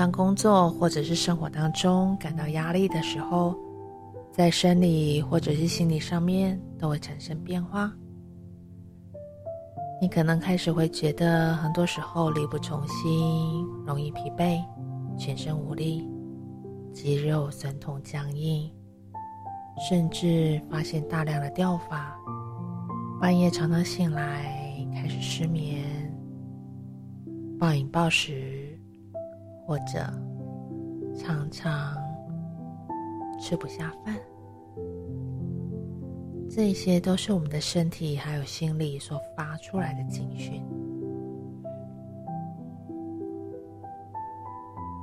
當工作或者是生活當中感到壓力的時候，在生理或者是心理上面都會產生變化。你可能開始會覺得，很多時候力不從心，容易疲憊，全身無力，肌肉痠痛、僵硬，甚至發現大量的掉髮，半夜常常醒來，開始失眠，暴飲暴食。或者常常吃不下飯，這些都是我們的身體還有心理所發出來的警訊。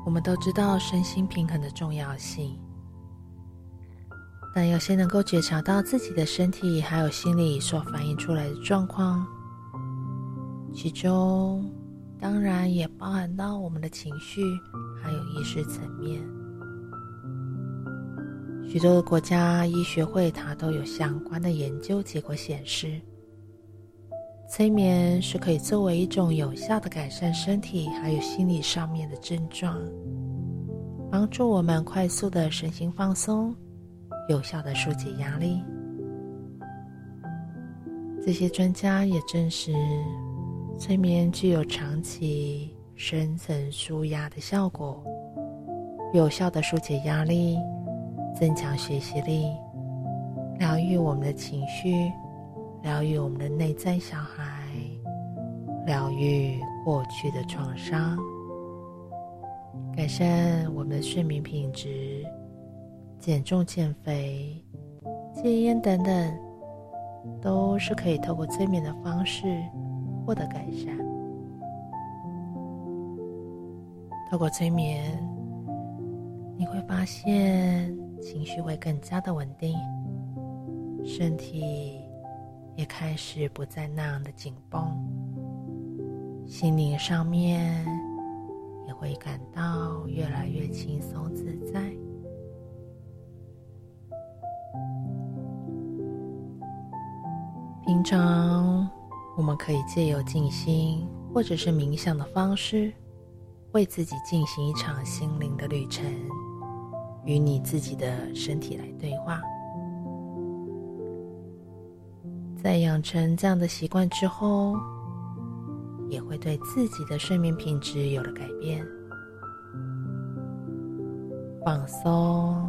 我們都知道身心平衡的重要性，但有些能夠覺察到自己的身體還有心理所反映出來的狀況，其中。當然也包含到我們的情緒，還有意識層面。許多的國家醫學會它都有相關的研究結果顯示，催眠是可以作為一種有效的改善身體還有心理上面的症狀，幫助我們快速的身心放鬆，有效的紓解壓力。這些專家也證實。催眠具有長期、深層舒壓的效果，有效的紓解壓力，增強學習力，療癒我們的情緒，療癒我們的內在小孩，療癒過去的創傷，改善我們的睡眠品質，減重、減肥、戒菸等等，都是可以透過催眠的方式。獲得改善，透過催眠，你會發現情緒會更加的穩定，身體也開始不再那樣的緊繃，心靈上面也會感到越來越輕鬆自在。平常。我們可以借由靜心或者是冥想的方式，為自己進行一場心靈的旅程，與你自己的身體來對話。在養成這樣的習慣之後，也會對自己的睡眠品質有了改變。放鬆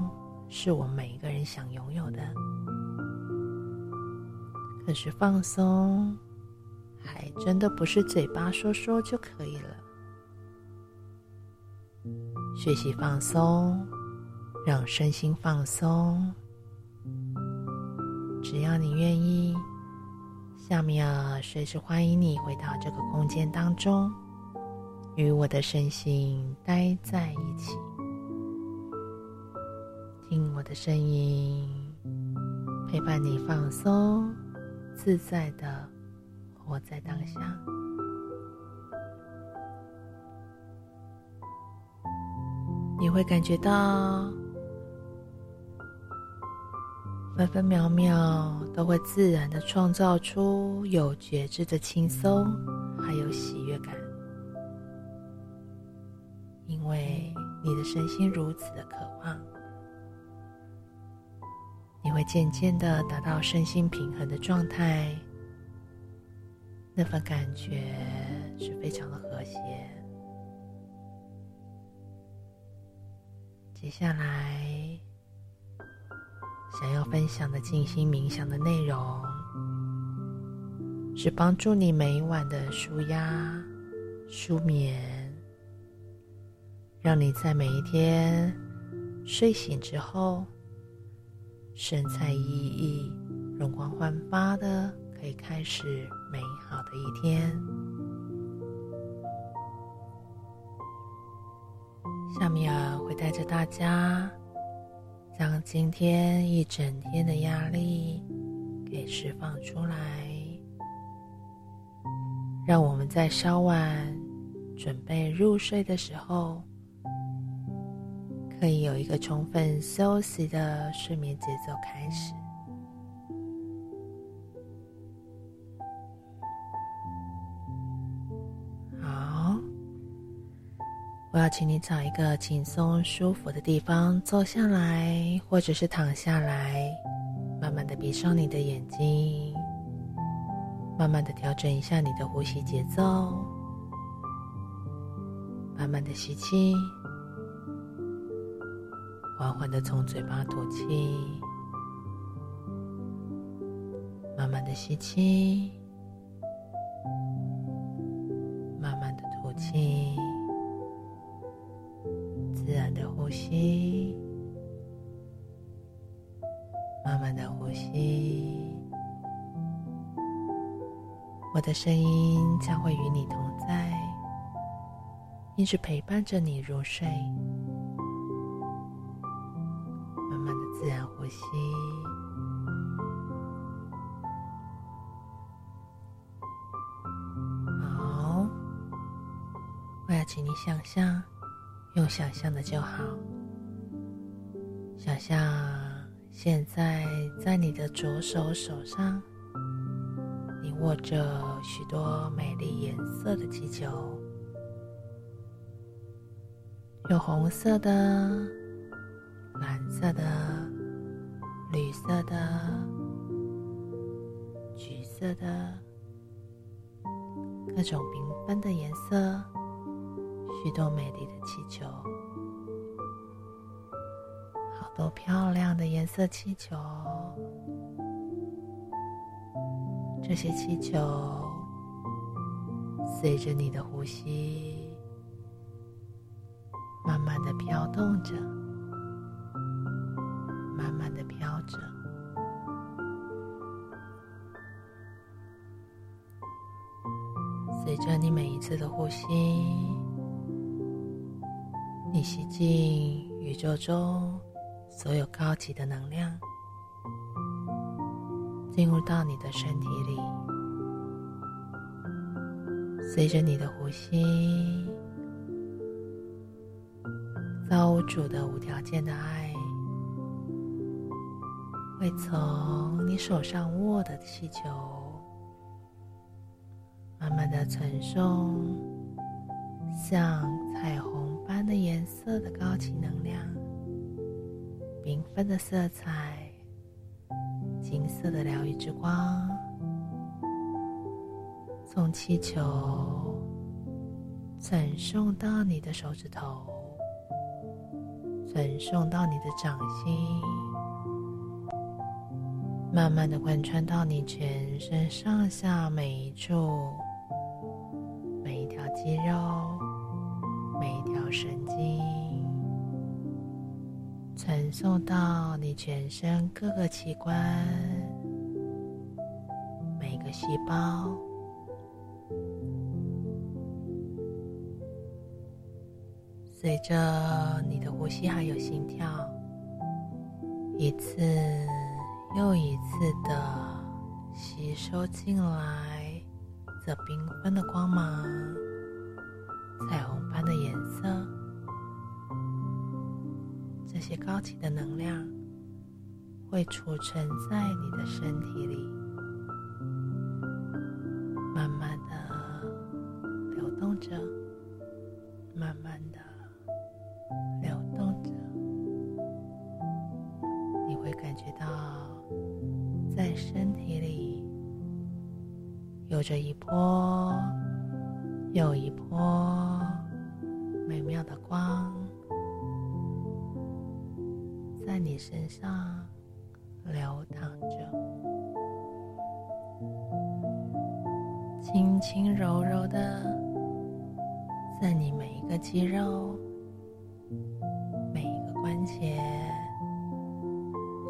是我們每一個人想擁有的，可是放鬆。還真的不是嘴巴說說就可以了。學習放鬆，讓身心放鬆。只要你願意，下面、啊、隨時歡迎你回到這個空間當中，與我的身心待在一起，聽我的聲音，陪伴你放鬆自在的。活在當下，你會感覺到，分分秒秒都會自然的創造出有覺知的輕鬆，還有喜悅感，因為你的身心如此的渴望，你會漸漸的達到身心平衡的狀態。那份感覺是非常的和諧。接下來想要分享的靜心冥想的內容，是幫助你每一晚的舒壓、舒眠，讓你在每一天睡醒之後神采奕奕、容光煥發的，可以開始。美好的一天下面、啊，夏米爾會帶着大家將今天一整天的壓力給釋放出來，讓我們在稍晚準備入睡的時候，可以有一個充分休息的睡眠節奏開始。我要請你找一個輕鬆、舒服的地方坐下來，或者是躺下來，慢慢的閉上你的眼睛，慢慢的調整一下你的呼吸節奏，慢慢的吸氣，緩緩的從嘴巴吐氣，慢慢的吸氣。呼吸，我的聲音將會與你同在，一直陪伴着你入睡。慢慢的，自然呼吸。好，我要請你想象，用想象的就好，想象。現在，在你的左手手上，你握着許多美麗顏色的氣球，有紅色的、藍色的、綠色的、橘色的，各種繽紛的顏色，許多美麗的氣球。有漂亮的顏色氣球，這些氣球隨着你的呼吸慢慢的飄動着，慢慢的飄着，隨着你每一次的呼吸，你吸進宇宙中。所有高級的能量進入到你的身體裡，隨着你的呼吸，造物主的無條件的愛會從你手上握的氣球慢慢的傳送，像彩虹般的顏色的高級能量。繽紛的色彩，金色的療癒之光，從氣球傳送到你的手指頭，傳送到你的掌心，慢慢的貫穿到你全身上下每一處、每一條肌肉、每一條神經。傳送到你全身各個器官、每個細胞，隨着你的呼吸還有心跳，一次又一次的吸收進來這繽紛的光芒。這些高級的能量會儲存在你的身體裡，慢慢的流動着，慢慢的流動着，你會感覺到在身體裡有着一波又一波美妙的光。身上流淌着，輕輕柔柔的，在你每一個肌肉、每一個關節、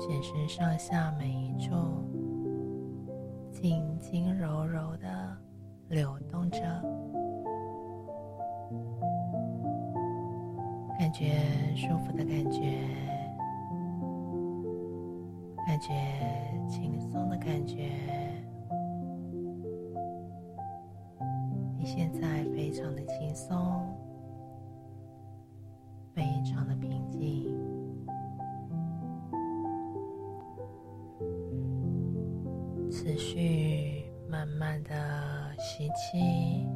全身上下每一處，輕輕柔柔的流動着，感覺舒服的感覺。感覺輕鬆的感覺，你現在非常的輕鬆，非常的平靜，持續慢慢的吸氣。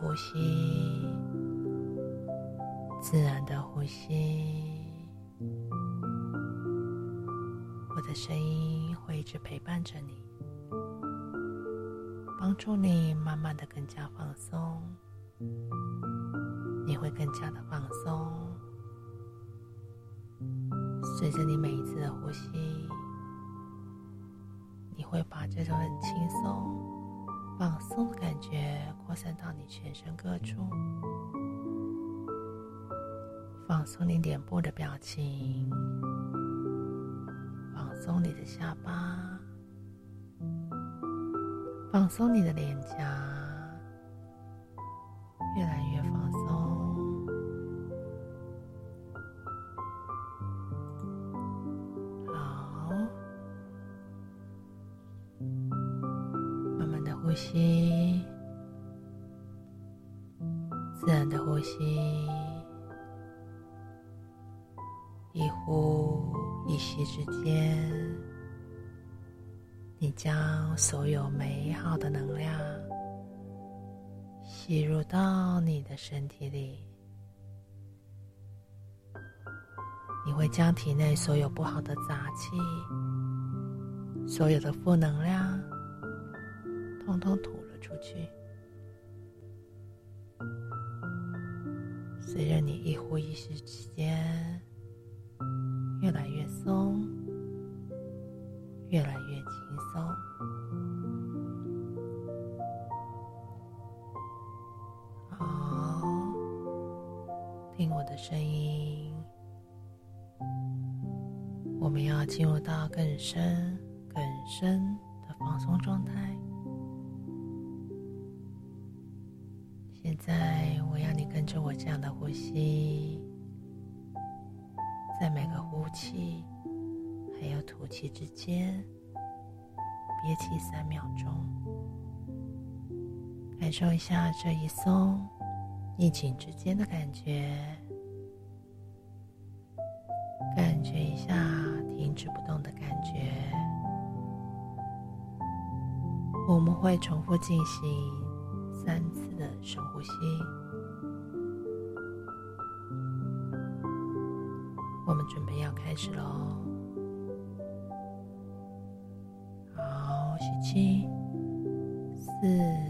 呼吸，自然的呼吸。我的聲音會一直陪伴着你，幫助你慢慢的更加放鬆。你會更加的放鬆，隨着你每一次的呼吸，你會把這種很輕鬆。放鬆的感覺擴散到你全身各處，放鬆你臉部的表情，放鬆你的下巴，放鬆你的臉頰。身體裡，你會將體內所有不好的雜氣、所有的負能量，通通吐了出去。隨着你一呼一吸之間，越來越鬆，越來越輕鬆。聲音，我們要進入到更深、更深的放鬆狀態。現在，我要你跟着我這樣的呼吸，在每個呼氣還有吐氣之間憋氣三秒鐘，感受一下這一鬆一緊之間的感覺。感覺一下停止不動的感覺。我們會重複進行三次的深呼吸。我們準備要開始咯。好，吸氣，四。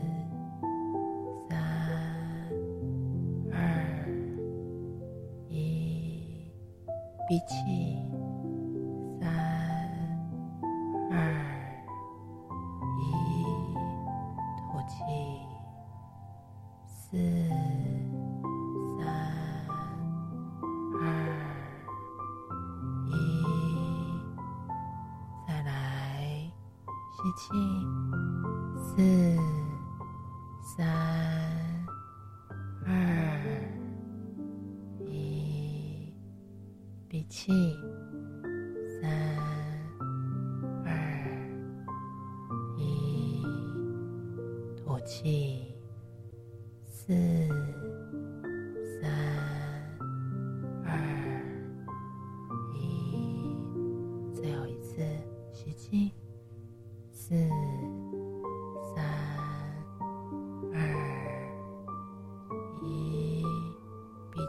吸氣、四、三、二、一，閉氣。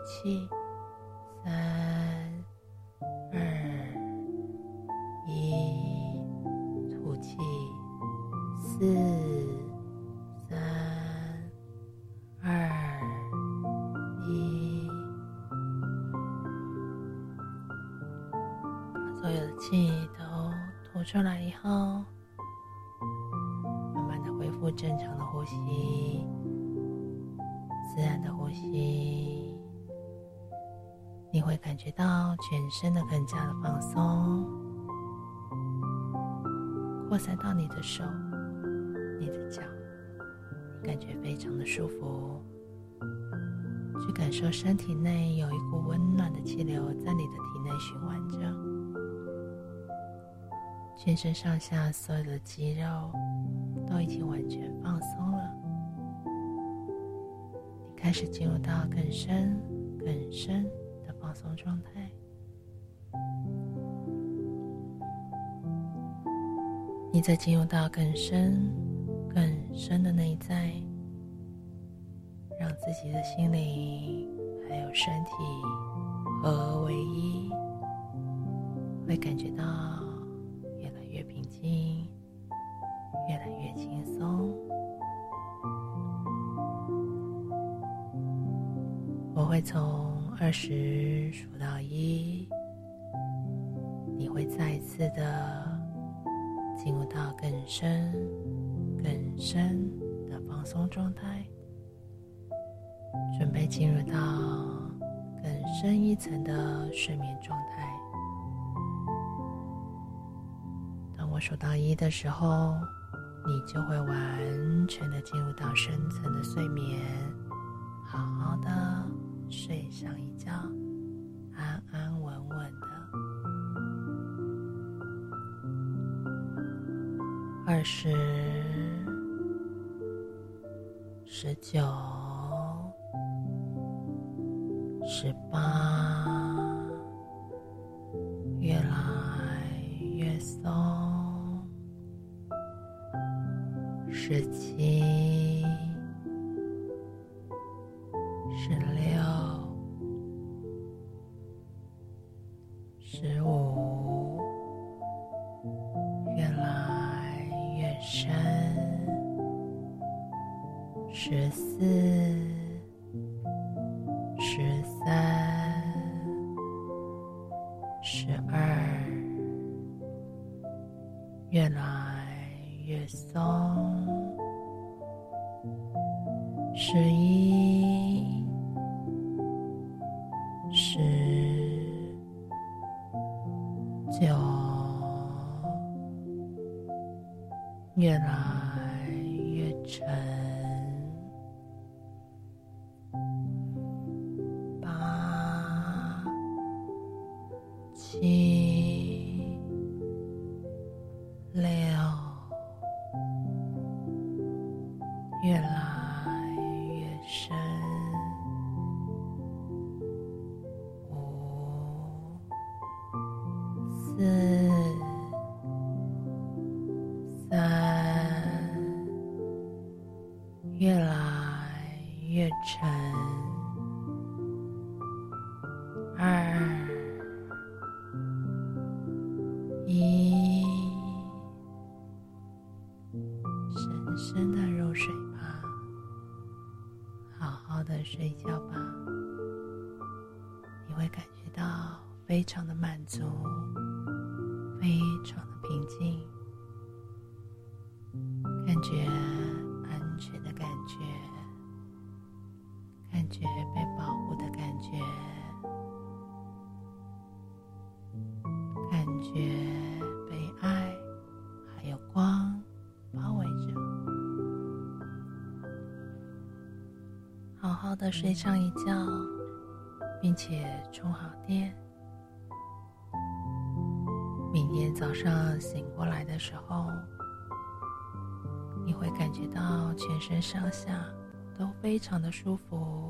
七三。深的，更加的放鬆，擴散到你的手、你的腳，你感覺非常的舒服。去感受身體內有一股溫暖的氣流在你的體內循環着，全身上下所有的肌肉都已經完全放鬆了。你開始進入到更深、更深的放鬆狀態。你再進入到更深、更深的內在，讓自己的心靈還有身體合為一，會感覺到越來越平靜，越來越輕鬆。我會從二十數到一，你會再一次的。進入到更深、更深的放鬆狀態，準備進入到更深一層的睡眠狀態。當我數到一的時候，你就會完全的進入到深層的睡眠，好好的睡上一覺。啊。二十、十九、十八，越來越鬆，十七、十六。有越來越沉。越來越沉，二。的睡上一覺，並且充好電。明天早上醒過來的時候，你會感覺到全身上下都非常的舒服。